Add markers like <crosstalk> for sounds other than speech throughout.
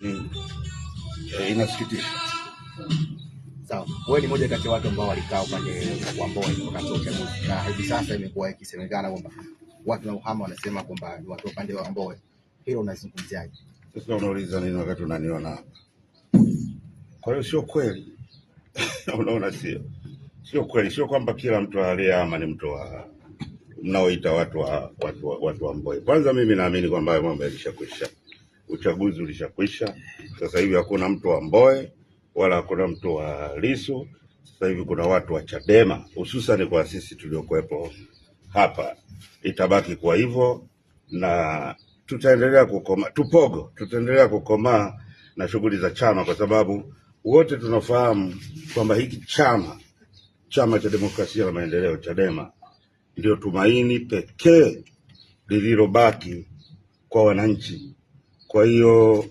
Mm. Eh, inasikitisha. Sawa, wewe ni moja kati ya watu ambao walikaa upande wa Mbowe wakati wa uchaguzi, na hivi sasa imekuwa ikisemekana kwamba watu wa uhama wanasema kwamba ni watu upande wa Mbowe. Hilo unazungumziaje? Sasa unauliza nini wakati unaniona hapa? Kwa hiyo sio kweli. <laughs> Unaona, sio sio kweli, sio kwamba kila mtu aliyehama ni mtu wa mnaoita watu wa, watu wa, watu wa Mbowe. Kwanza mimi naamini kwamba mambo yalishakwisha uchaguzi ulishakwisha. Sasa hivi hakuna mtu wa Mboe wala hakuna mtu wa Lisu. Sasa hivi kuna watu wa Chadema, hususani kwa sisi tuliokuwepo hapa. Itabaki kwa hivyo na tutaendelea kukoma tupogo, tutaendelea kukomaa na shughuli za chama, kwa sababu wote tunafahamu kwamba hiki chama, chama cha demokrasia na maendeleo, Chadema, ndio tumaini pekee lililobaki kwa wananchi kwa hiyo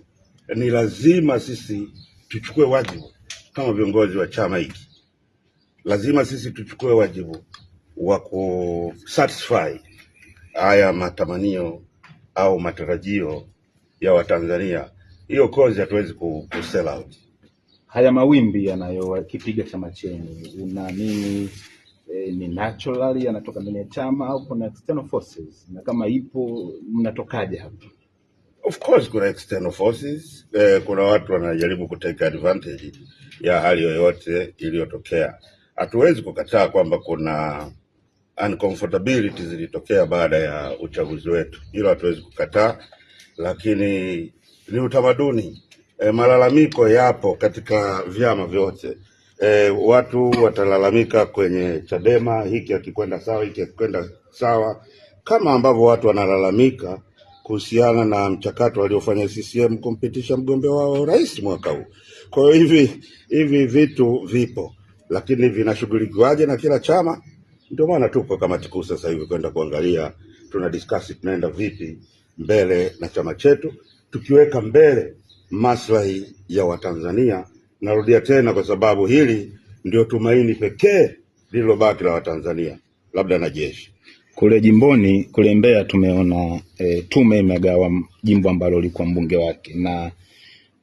eh, ni lazima sisi tuchukue wajibu kama viongozi wa chama hiki, lazima sisi tuchukue wajibu wa ku satisfy haya matamanio au matarajio ya Watanzania. Hiyo kozi hatuwezi ku sell out. Haya mawimbi yanayokipiga chama chenu, unaamini e, eh, ni naturally yanatoka ndani ya chama au kuna external forces, na kama ipo mnatokaje hapa? Of course kuna external forces eh, kuna watu wanajaribu kutake advantage ya hali yoyote iliyotokea. Hatuwezi kukataa kwamba kuna uncomfortability zilitokea baada ya uchaguzi wetu, hilo hatuwezi kukataa, lakini ni utamaduni eh, malalamiko yapo katika vyama vyote e, watu watalalamika kwenye Chadema, hiki hakikwenda sawa, hiki hakikwenda sawa, kama ambavyo watu wanalalamika kuhusiana na mchakato waliofanya CCM kumpitisha mgombea wao wa urais mwaka huu. Kwa hiyo hivi hivi vitu vipo, lakini vinashughulikiwaje na kila chama? Ndio maana tupo kamati kuu sasa hivi kwenda kuangalia, tuna discuss tunaenda vipi mbele na chama chetu, tukiweka mbele maslahi ya Watanzania. Narudia tena, kwa sababu hili ndio tumaini pekee lililobaki la Watanzania, labda na jeshi kule jimboni kule Mbeya tumeona e, tume imegawa jimbo ambalo lilikuwa mbunge wake, na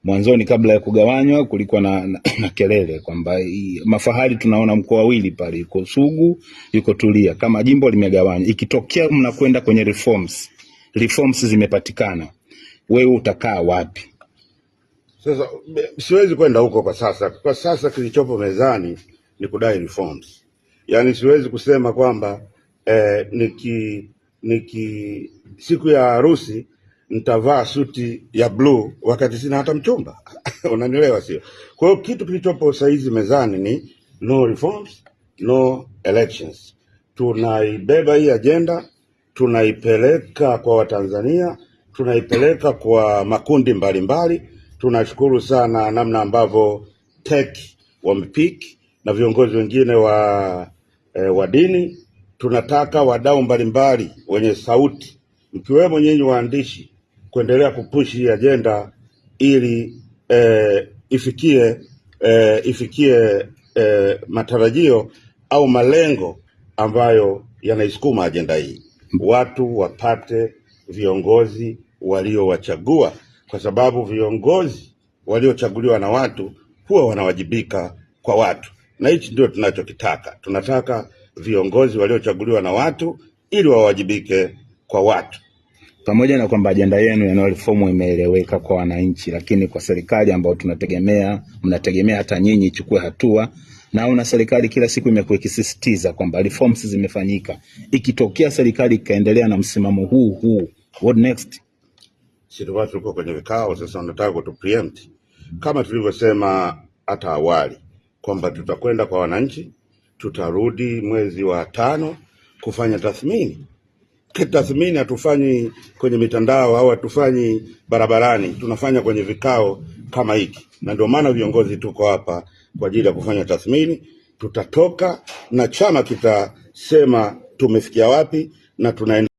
mwanzoni kabla ya kugawanywa kulikuwa na, na, na kelele kwamba mafahali tunaona mkoa wawili pale, iko Sugu iko Tulia, kama jimbo limegawanywa, ikitokea mnakwenda kwenye reforms, reforms zimepatikana, wewe utakaa wapi? Sasa siwezi kwenda huko kwa sasa. Kwa sasa kilichopo mezani ni kudai reforms, yaani siwezi kusema kwamba eh, niki, niki siku ya harusi nitavaa suti ya bluu wakati sina hata mchumba <laughs> unanielewa, sio? Kwa hiyo kitu kilichopo saizi mezani ni no reforms, no elections. Tunaibeba hii ajenda, tunaipeleka kwa Watanzania, tunaipeleka kwa makundi mbalimbali mbali. Tunashukuru sana namna ambavyo TEC wamepiki na viongozi wengine wa, eh, wa dini Tunataka wadau mbalimbali wenye sauti mkiwemo nyinyi waandishi kuendelea kupushi hii ajenda ili eh, ifikie eh, ifikie eh, matarajio au malengo ambayo yanaisukuma ajenda hii, watu wapate viongozi waliowachagua, kwa sababu viongozi waliochaguliwa na watu huwa wanawajibika kwa watu, na hichi ndio tunachokitaka. Tunataka viongozi waliochaguliwa na watu ili wawajibike kwa watu. Pamoja na kwamba ajenda yenu ya no reform imeeleweka kwa wananchi, lakini kwa serikali ambayo tunategemea, mnategemea hata nyinyi ichukue hatua, na una serikali kila siku imekuwa ikisisitiza kwamba reforms zimefanyika. Ikitokea serikali ikaendelea na msimamo huu huu, what next? Sisi tuko kwenye vikao sasa, tunataka kutu preempt kama tulivyosema hata awali kwamba tutakwenda kwa wananchi tutarudi mwezi wa tano kufanya tathmini. Tathmini hatufanyi kwenye mitandao au hatufanyi barabarani, tunafanya kwenye vikao kama hiki, na ndio maana viongozi tuko hapa kwa ajili ya kufanya tathmini. Tutatoka na chama kitasema tumefikia wapi na tunaenda